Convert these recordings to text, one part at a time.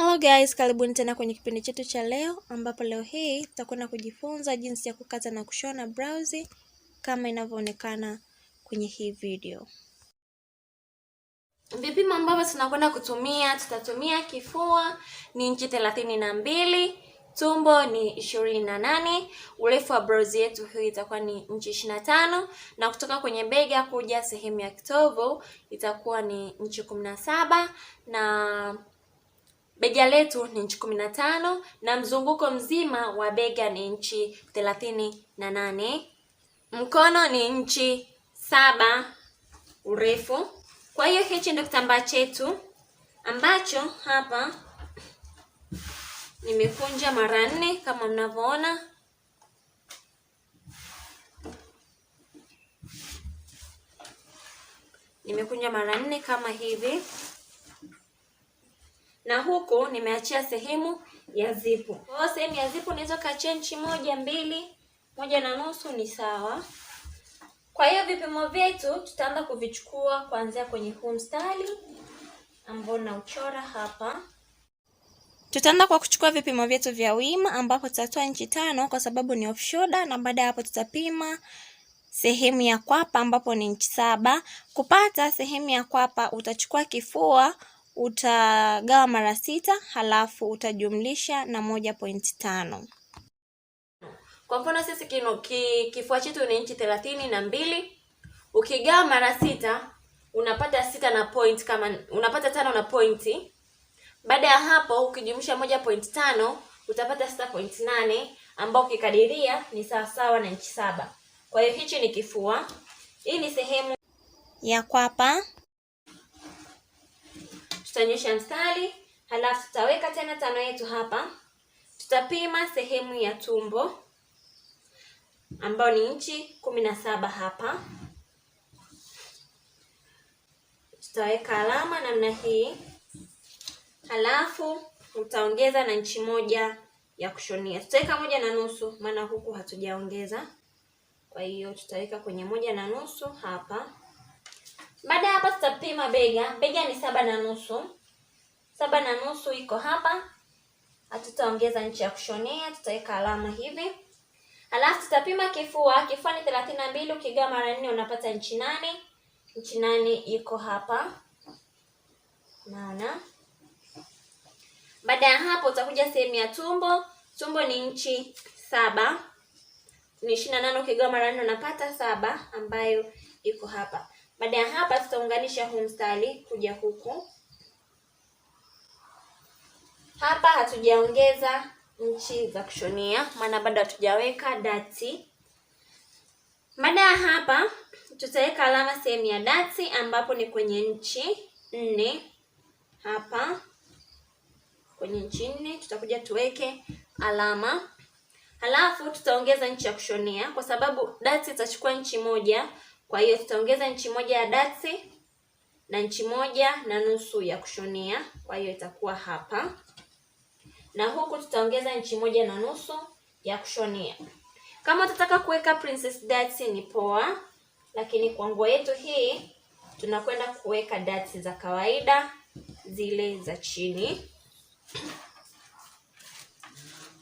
Hello guys, karibuni tena kwenye kipindi chetu cha leo ambapo leo hii tutakwenda kujifunza jinsi ya kukata na kushona blouse kama inavyoonekana kwenye hii video. Vipimo ambavyo tunakwenda kutumia, tutatumia kifua ni inchi thelathini na mbili, tumbo ni ishirini na nane, urefu wa blouse yetu hii itakuwa ni inchi ishirini na tano na kutoka kwenye bega kuja sehemu ya kitovu itakuwa ni inchi kumi na saba na Bega letu ni inchi kumi na tano na mzunguko mzima wa bega ni inchi thelathini na nane. Mkono ni inchi saba urefu. Kwa hiyo hichi ndio kitambaa chetu ambacho hapa nimekunja mara nne kama mnavyoona. Nimekunja mara nne kama hivi na huku nimeachia sehemu ya zipu. Kwa hiyo sehemu ya zipu unaweza nchi moja, mbili, moja na nusu ni sawa. Kwa hiyo vipimo vyetu tutaanza kuvichukua kuanzia kwenye huu mstari ambao nauchora hapa. Tutaanza kwa kuchukua vipimo vyetu vya wima ambapo tutatoa inchi tano kwa sababu ni off shoulder, na baada ya hapo tutapima sehemu ya kwapa ambapo ni inchi saba. Kupata sehemu ya kwapa utachukua kifua utagawa mara sita halafu utajumlisha na moja point tano. Kwa mfano sisi kino ki, kifua chetu ni inchi thelathini na mbili ukigawa mara sita unapata sita na point kama unapata tano na pointi. Baada ya hapo ukijumlisha moja point tano utapata sita point nane ambao ukikadiria ni sawasawa na inchi saba. Kwa hiyo hichi ni kifua. Hii ni sehemu ya kwapa tutanyosha mstari, halafu tutaweka tena tano yetu hapa. Tutapima sehemu ya tumbo ambayo ni inchi kumi na saba hapa. Tutaweka alama namna hii, halafu utaongeza na inchi moja ya kushonia. Tutaweka moja na nusu, maana huku hatujaongeza. Kwa hiyo tutaweka kwenye moja na nusu hapa. Baada ya hapa tutapima bega. Bega ni saba na nusu Saba na nusu iko hapa, hatutaongeza nchi ya kushonea, tutaweka alama hivi, alafu tutapima kifua. Kifua ni 32 na mbili, ukigawa mara nne unapata nchi nane. Nchi nane iko hapa, naona. Baada ya hapo utakuja sehemu ya tumbo. Tumbo ni nchi saba ni 28 ukigawa mara 4 unapata saba ambayo iko hapa. Baada ya hapa tutaunganisha huu mstari kuja huku. Hapa hatujaongeza nchi za kushonia, maana bado hatujaweka dati. Baada ya hapa, tutaweka alama sehemu ya dati, ambapo ni kwenye nchi nne. Hapa kwenye nchi nne tutakuja tuweke alama halafu tutaongeza nchi ya kushonia kwa sababu dati itachukua nchi moja. Kwa hiyo tutaongeza nchi moja ya dati na nchi moja na nusu ya kushonia kwa hiyo itakuwa hapa na huku tutaongeza inchi moja na nusu ya kushonia. Kama utataka kuweka princess dots ni poa, lakini kwa nguo yetu hii tunakwenda kuweka dots za kawaida zile za chini.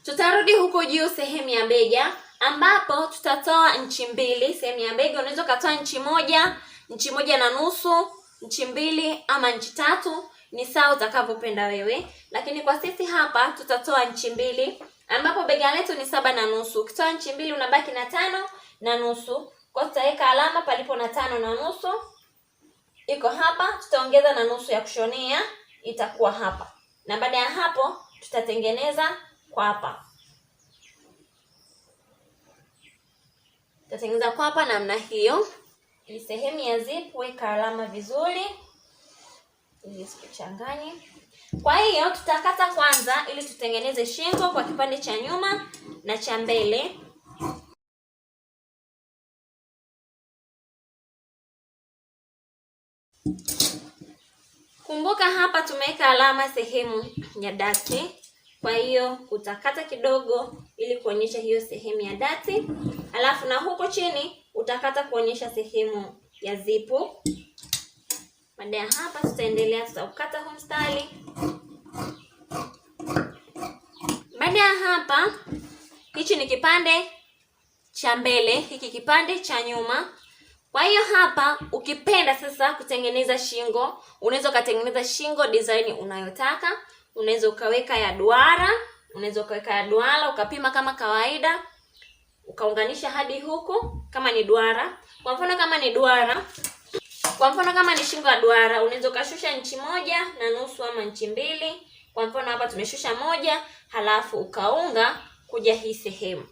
Tutarudi huko juu sehemu ya bega ambapo tutatoa nchi mbili sehemu ya bega. Unaweza ukatoa nchi moja, nchi moja na nusu, nchi mbili ama nchi tatu, ni sawa utakavyopenda wewe, lakini kwa sisi hapa tutatoa nchi mbili, ambapo bega letu ni saba na nusu. Ukitoa nchi mbili unabaki na tano na nusu, kwa tutaweka alama palipo na tano na nusu, iko hapa. Tutaongeza na nusu ya kushonea itakuwa hapa, na baada ya hapo tutatengeneza kwapa, tutatengeneza kwapa namna hiyo. Ni sehemu ya zip, weka alama vizuri ili isikuchanganye. Kwa hiyo tutakata kwanza ili tutengeneze shingo kwa kipande cha nyuma na cha mbele. Kumbuka hapa tumeweka alama sehemu ya dati, kwa hiyo utakata kidogo ili kuonyesha hiyo sehemu ya dati, alafu na huko chini utakata kuonyesha sehemu ya zipu. Baada ya hapa, tutaendelea tutakata huu mstari. Baada ya hapa, hichi ni kipande cha mbele, hiki kipande cha nyuma. Kwa hiyo hapa, ukipenda sasa kutengeneza shingo, unaweza ukatengeneza shingo design unayotaka. Unaweza ukaweka ya duara, unaweza ukaweka ya duara, ukapima kama kawaida, ukaunganisha hadi huku kama ni duara. Kwa mfano kama ni duara kwa mfano kama ni shingo ya duara, unaweza ukashusha nchi moja na nusu ama nchi mbili. Kwa mfano hapa tumeshusha moja, halafu ukaunga kuja hii sehemu.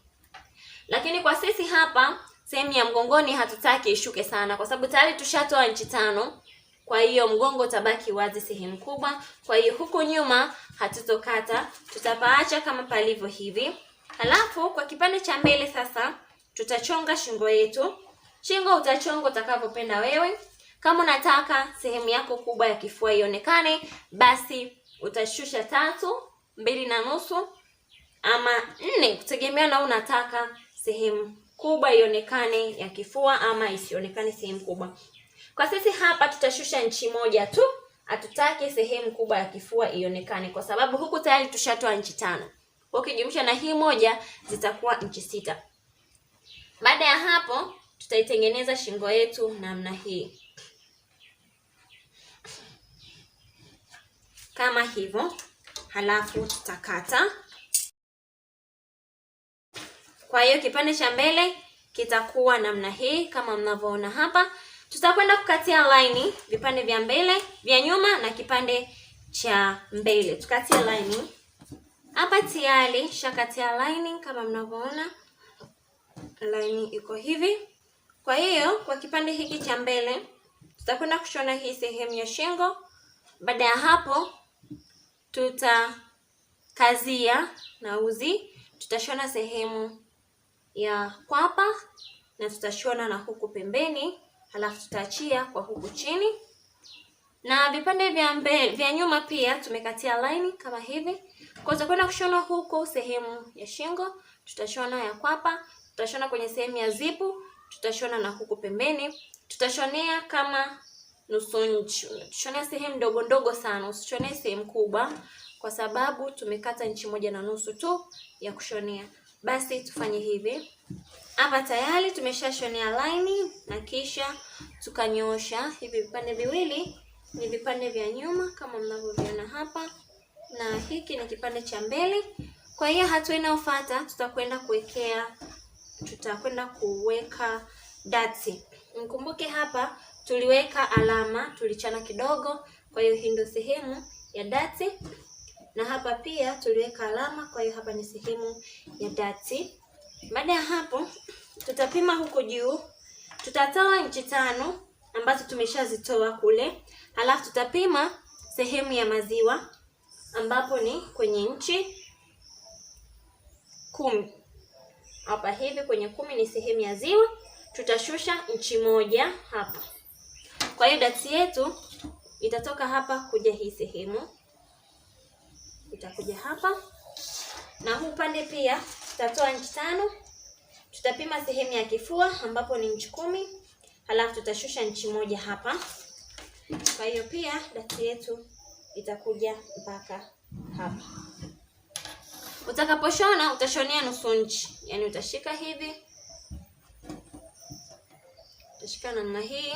Lakini kwa sisi hapa sehemu ya mgongoni hatutaki ishuke sana, kwa sababu tayari tushatoa nchi tano. Kwa hiyo mgongo utabaki wazi sehemu kubwa. Kwa hiyo huku nyuma hatutokata, tutapaacha kama palivyo hivi. Halafu kwa kipande cha mbele sasa tutachonga shingo yetu. Shingo utachonga utakavyopenda wewe. Kama unataka sehemu yako kubwa ya kifua ionekane, basi utashusha tatu, mbili na nusu ama nne, kutegemea na unataka sehemu kubwa ionekane ya kifua ama isionekane sehemu kubwa. Kwa sisi hapa tutashusha nchi moja tu, hatutaki sehemu kubwa ya kifua ionekane, kwa sababu huku tayari tushatoa nchi tano, kwa ukijumlisha na hii moja zitakuwa nchi sita. Baada ya hapo, tutaitengeneza shingo yetu namna hii. kama hivyo, halafu tutakata. Kwa hiyo kipande cha mbele kitakuwa namna hii kama mnavyoona hapa. Tutakwenda kukatia line vipande vya mbele, vya nyuma na kipande cha mbele, tukatia line hapa. Tayari shakatia line kama mnavyoona, line iko hivi. Kwa hiyo kwa kipande hiki cha mbele tutakwenda kushona hii sehemu ya shingo. Baada ya hapo tutakazia na uzi, tutashona sehemu ya kwapa na tutashona na huku pembeni, halafu tutaachia kwa huku chini na vipande vya mbe, vya nyuma pia tumekatia laini kama hivi. Kwa tutakwenda kushona huku sehemu ya shingo, tutashona ya kwapa, tutashona kwenye sehemu ya zipu, tutashona na huku pembeni, tutashonea kama nusu inchi. Ukichonea sehemu ndogo ndogo sana, usichonee sehemu kubwa, kwa sababu tumekata inchi moja na nusu tu ya kushonea. Basi tufanye hivi. Hapa tayari tumeshashonea line na kisha tukanyoosha hivi vipande viwili, ni vipande vya nyuma kama mnavyoviona hapa, na hiki ni kipande cha mbele. Kwa hiyo hatua inayofuata tutakwenda kuwekea tutakwenda kuweka dati. Mkumbuke hapa tuliweka alama, tulichana kidogo, kwa hiyo hii ndio sehemu ya dati, na hapa pia tuliweka alama, kwa hiyo hapa ni sehemu ya dati. Baada ya hapo, tutapima huko juu, tutatoa nchi tano ambazo tumeshazitoa kule, halafu tutapima sehemu ya maziwa ambapo ni kwenye nchi kumi hapa hivi kwenye kumi ni sehemu ya ziwa, tutashusha nchi moja hapa. Kwa hiyo dati yetu itatoka hapa kuja hii sehemu, itakuja hapa, na huu upande pia tutatoa nchi tano, tutapima sehemu ya kifua ambapo ni nchi kumi, halafu tutashusha nchi moja hapa. Kwa hiyo pia dati yetu itakuja mpaka hapa. Utakaposhona utashonea nusu nchi yaani utashika hivi, utashika namna hii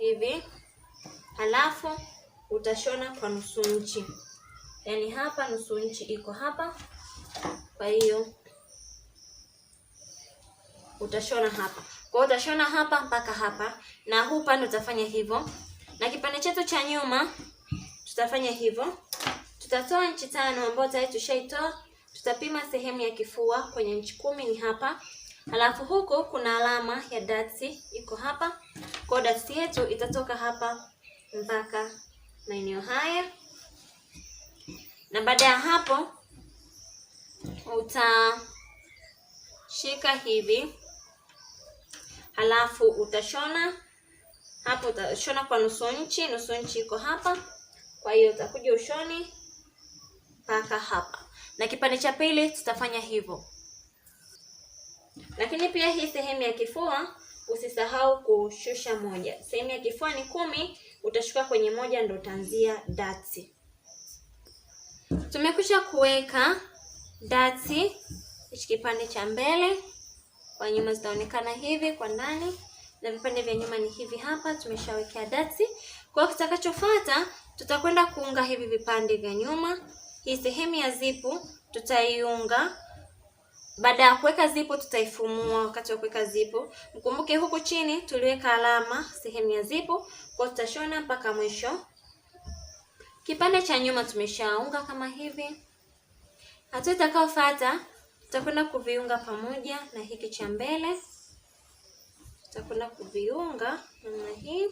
hivi, halafu utashona kwa nusu nchi, yaani hapa nusu nchi iko hapa, kwa hiyo utashona hapa, kwa hiyo utashona hapa mpaka hapa, na huu pande utafanya hivyo, na kipande chetu cha nyuma tutafanya hivyo, tutatoa nchi tano ambayo tayari tushaitoa, tutapima sehemu ya kifua kwenye nchi kumi ni hapa Halafu huko kuna alama ya dati iko hapa, kwa dati yetu itatoka hapa mpaka maeneo haya, na baada ya hapo utashika hivi, halafu utashona hapo, utashona kwa nusu nchi. Nusu nchi iko hapa, kwa hiyo utakuja ushoni mpaka hapa, na kipande cha pili tutafanya hivyo. Lakini pia hii sehemu ya kifua usisahau kushusha moja. Sehemu ya kifua ni kumi, utashuka kwenye moja ndo utaanzia dati. Tumekwisha kuweka dati hichi kipande cha mbele kwa nyuma zitaonekana hivi kwa ndani, na vipande vya nyuma ni hivi hapa. Tumeshawekea dati. Kwa kitakachofuata, tutakwenda kuunga hivi vipande vya nyuma. Hii sehemu ya zipu tutaiunga baada ya kuweka zipo, tutaifumua. Wakati wa kuweka zipo, mkumbuke huku chini tuliweka alama sehemu ya zipo, kwa tutashona mpaka mwisho. Kipande cha nyuma tumeshaunga kama hivi. Hatua itakayofuata tutakwenda kuviunga pamoja na hiki cha mbele, tutakwenda kuviunga namna hii.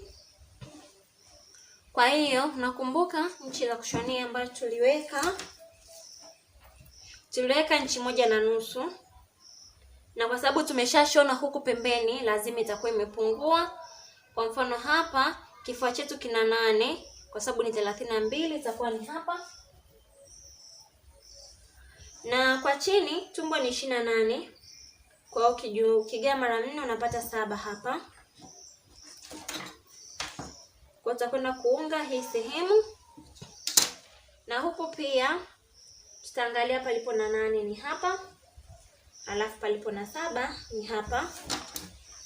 Kwa hiyo nakumbuka nchi la kushonia ambayo tuliweka tuliweka nchi moja na nusu, na kwa sababu tumeshashona huku pembeni, lazima itakuwa imepungua. Kwa mfano hapa kifua chetu kina nane, kwa sababu ni thelathini na mbili, itakuwa ni hapa na kwa chini tumbo ni ishirini na nane. Kwa hiyo kijuu mara nne unapata saba hapa. Kwa utakwenda kuunga hii sehemu, na huku pia tutaangalia palipo na nane ni hapa, alafu palipo na saba ni hapa.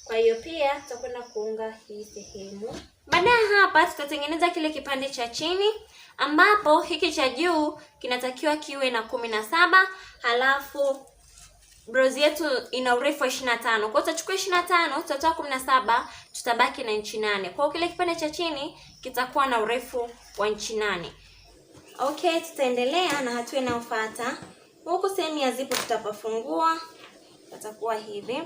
Kwa hiyo pia tutakwenda kuunga hii sehemu. Baada ya hapa, tutatengeneza kile kipande cha chini ambapo hiki cha juu kinatakiwa kiwe na kumi na saba halafu blouse yetu ina urefu wa 25. Kwa hiyo tutachukua 25, tutatoa 17, tutabaki na inchi nane. Kwa hiyo kile kipande cha chini kitakuwa na urefu wa inchi nane. Okay, tutaendelea na hatua inayofuata. Huku sehemu ya zipu tutapafungua, patakuwa hivi.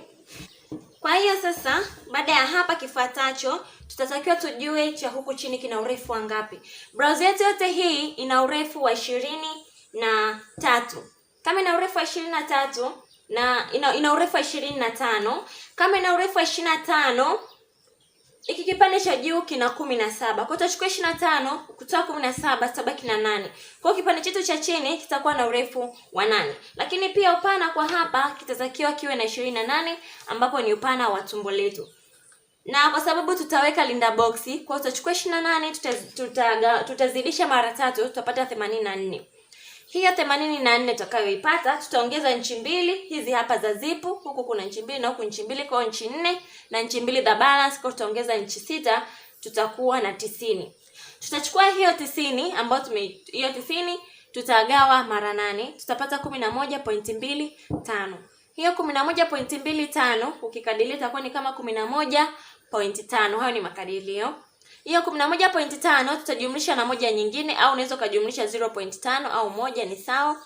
Kwa hiyo sasa, baada ya hapa, kifuatacho tutatakiwa tujue cha huku chini kina urefu wa ngapi. Blouse yetu yote hii ina urefu wa ishirini na tatu. Kama ina urefu wa ishirini na tatu na ina, ina urefu wa ishirini na tano. Kama ina urefu wa ishirini na tano hiki kipande cha juu kina kumi na saba, kwa hiyo tutachukua ishirini na tano kutoa kumi na saba zitabaki na nane. Kwa hiyo kipande chetu cha chini kitakuwa na urefu wa nane, lakini pia upana kwa hapa kitatakiwa kiwe na ishirini na nane ambapo ni upana wa tumbo letu na kwa sababu tutaweka linda boxi kwa hiyo tutachukua ishirini na nane tutazidisha mara tatu tutapata themanini na nne hiyo themanini na nne tutakayoipata tutaongeza nchi mbili hizi hapa za zipu, huku kuna nchi mbili na huku nchi mbili, kwa nchi nne na nchi mbili za balance, kwa tutaongeza nchi sita, tutakuwa na tisini. Tutachukua hiyo tisini ambayo tume hiyo tisini tutagawa mara nane, tutapata kumi na moja pointi mbili tano. Hiyo kumi na moja pointi mbili tano ukikadilia itakuwa ni kama kumi na moja pointi tano. Hayo ni makadirio hiyo 11.5 tutajumlisha na moja nyingine, au unaweza ukajumlisha 0.5 au moja ni sawa.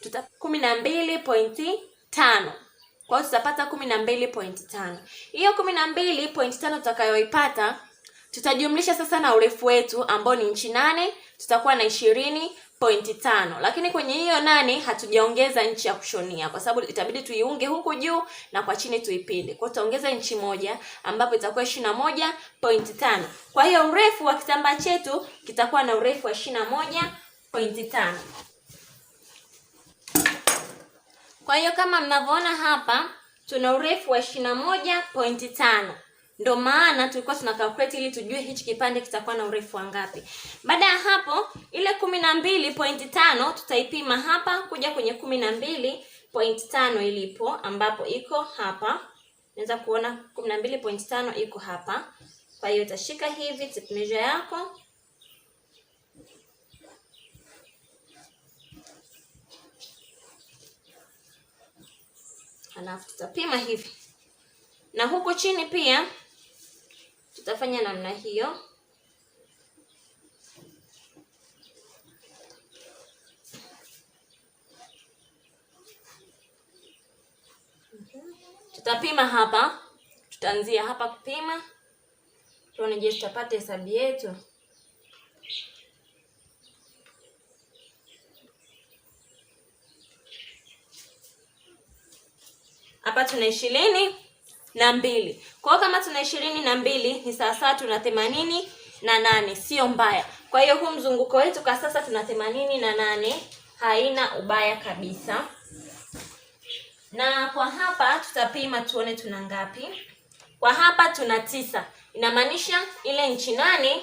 Tuta 12.5 kwa hiyo tutapata 12.5. Hiyo 12.5 tutakayoipata tutajumlisha sasa na urefu wetu ambao ni nchi nane, tutakuwa na ishirini pointi tano, lakini kwenye hiyo nani hatujaongeza nchi ya kushonia kwa sababu itabidi tuiunge huku juu na kwa chini tuipinde. Kwa hiyo tutaongeza nchi moja ambapo itakuwa ishirini na moja pointi tano. Kwa hiyo urefu wa kitambaa chetu kitakuwa na urefu wa ishirini na moja pointi tano. Kwa hiyo kama mnavyoona hapa tuna urefu wa ishirini na moja pointi tano ndo maana tulikuwa tuna calculate ili tujue hichi kipande kitakuwa na urefu wa ngapi. Baada ya hapo ile kumi na mbili tutaipima hapa kuja kwenye kumi na mbili tano ilipo ambapo iko hapa. Unaweza kuona 12.5 iko hapa. Kwa hiyo utashika hivi tape measure yako alafu tutapima hivi na huko chini pia tutafanya namna hiyo. Tutapima hapa, tutaanzia hapa kupima, tuone je, tutapata hesabu yetu. Hapa tuna ishirini na mbili. Kwa kama tuna ishirini na mbili ni sawa sawa tuna themanini na nane, sio mbaya. Kwa hiyo huu mzunguko wetu kwa sasa tuna themanini na nane, haina ubaya kabisa. Na kwa hapa tutapima tuone tuna ngapi. Kwa hapa tuna tisa, inamaanisha ile nchi nane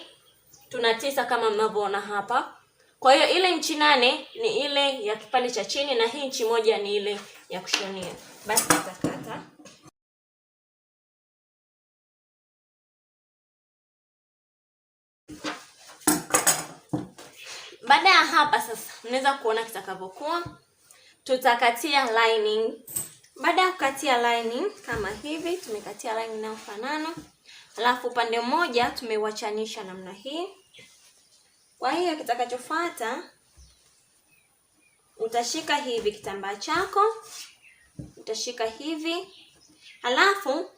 tuna tisa kama mnavyoona hapa. Kwa hiyo ile nchi nane ni ile ya kipande cha chini na hii nchi moja ni ile ya kushonia. Basi tutakata Baada ya hapa sasa, mnaweza kuona kitakavyokuwa. Tutakatia lining. Baada ya kukatia lining kama hivi, tumekatia lining inayofanana, alafu upande mmoja tumewachanisha namna hii. Kwa hiyo kitakachofuata utashika hivi kitambaa chako, utashika hivi, alafu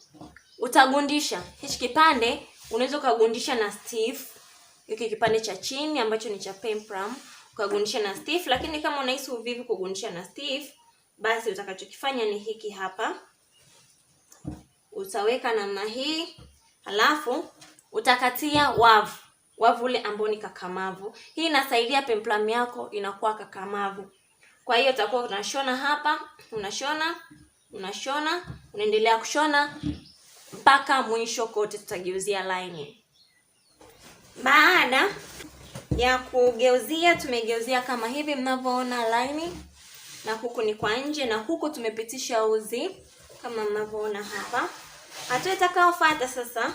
utagundisha hichi kipande, unaweza ukagundisha na stiff hiki kipande cha chini ambacho ni cha pempram ukagunisha na stiff, lakini kama unahisi uvivu kugundisha na stiff, basi utakachokifanya ni hiki hapa, utaweka namna hii, halafu utakatia wavu wavu ule ambao ni kakamavu. Hii inasaidia pemplam yako inakuwa kakamavu. Kwa hiyo utakuwa unashona hapa, unashona, unashona, unaendelea kushona mpaka mwisho kote, tutageuzia lining. Baada ya kugeuzia, tumegeuzia kama hivi mnavyoona laini, na huku ni kwa nje, na huku tumepitisha uzi kama mnavyoona hapa. Hatua itakayofuata sasa,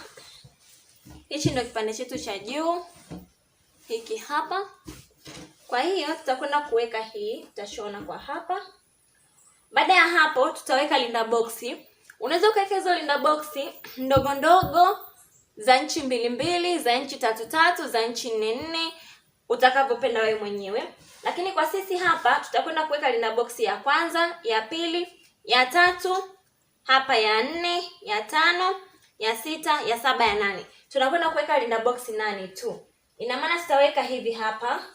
hichi ndio kipande chetu cha juu hiki hapa. Kwa hiyo tutakwenda kuweka hii, tutashona kwa hapa. Baada ya hapo, tutaweka linda boxi. Unaweza ukaweka hizo linda boksi ndogo ndogo za nchi mbili mbili, za nchi tatu tatu, za nchi nne nne, utakavyopenda wewe mwenyewe. Lakini kwa sisi hapa tutakwenda kuweka lina boksi ya kwanza, ya pili, ya tatu, hapa ya nne, ya tano, ya sita, ya saba, ya nane. Tunakwenda kuweka lina boksi nane tu. Ina maana tutaweka hivi hapa,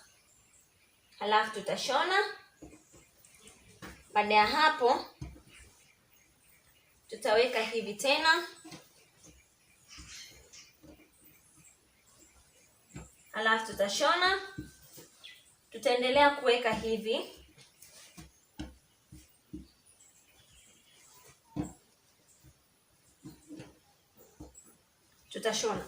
halafu tutashona. Baada ya hapo tutaweka hivi tena alafu tutashona, tutaendelea kuweka hivi tutashona.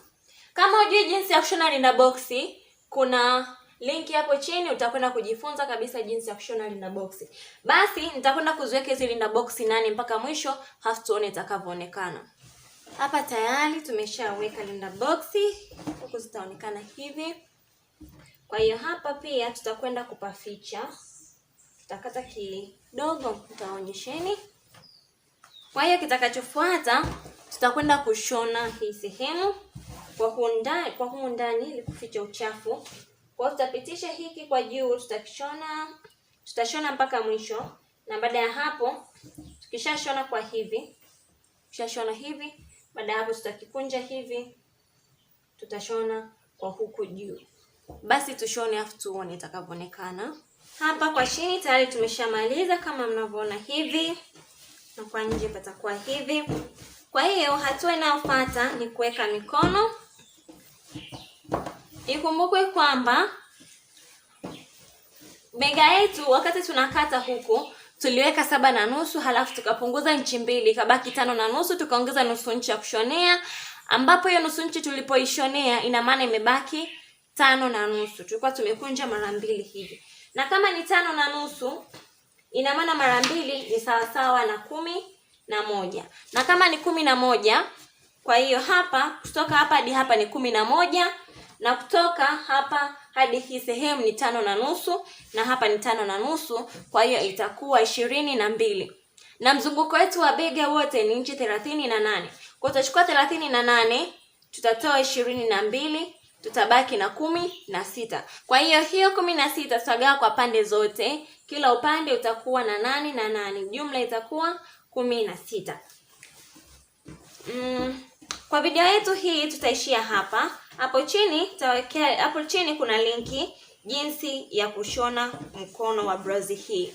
Kama hujui jinsi ya kushona linda boksi, kuna linki hapo chini utakwenda kujifunza kabisa jinsi ya kushona linda boksi. Basi nitakwenda kuziweka hizi linda boksi nane mpaka mwisho, halafu tuone itakavyoonekana. Hapa tayari tumeshaweka linda boxi, huku zitaonekana hivi. Kwa hiyo hapa pia tutakwenda kupaficha, tutakata kidogo, tutaonyesheni. Kwa hiyo kitakachofuata tutakwenda kushona hii sehemu kwa humu ndani ili kuficha uchafu. Kwa hiyo tutapitisha hiki kwa juu, tutakishona, tutashona mpaka mwisho, na baada ya hapo tukishashona kwa hivi, tukishashona hivi baada hapo, tutakikunja hivi, tutashona kwa huku juu. Basi tushone afu tuone itakavyoonekana. Hapa kwa chini tayari tumeshamaliza kama mnavyoona hivi, na kwa nje patakuwa hivi. Kwa hiyo hatua inayofuata ni kuweka mikono. Ikumbukwe kwamba bega yetu wakati tunakata huku tuliweka saba na nusu halafu tukapunguza nchi mbili ikabaki tano na nusu tukaongeza nusu nchi ya kushonea ambapo hiyo nusu nchi tulipoishonea ina maana imebaki tano na nusu tulikuwa tumekunja mara mbili hivi na kama ni tano na nusu ina maana mara mbili ni sawasawa na kumi na moja na kama ni kumi na moja kwa hiyo hapa kutoka hapa hadi hapa ni kumi na moja na kutoka hapa hadi hii sehemu ni tano na nusu na hapa ni tano na nusu kwa hiyo itakuwa ishirini na mbili na mzunguko wetu wa bega wote ni inchi thelathini na nane kwa tutachukua thelathini na nane tutatoa ishirini na mbili tutabaki na kumi na sita kwa hiyo hiyo kumi na sita tutagawa kwa pande zote kila upande utakuwa na nane na nane jumla itakuwa kumi na sita mm. Kwa video yetu hii tutaishia hapa. Hapo chini tawekea, hapo chini kuna linki jinsi ya kushona mkono wa blouse hii.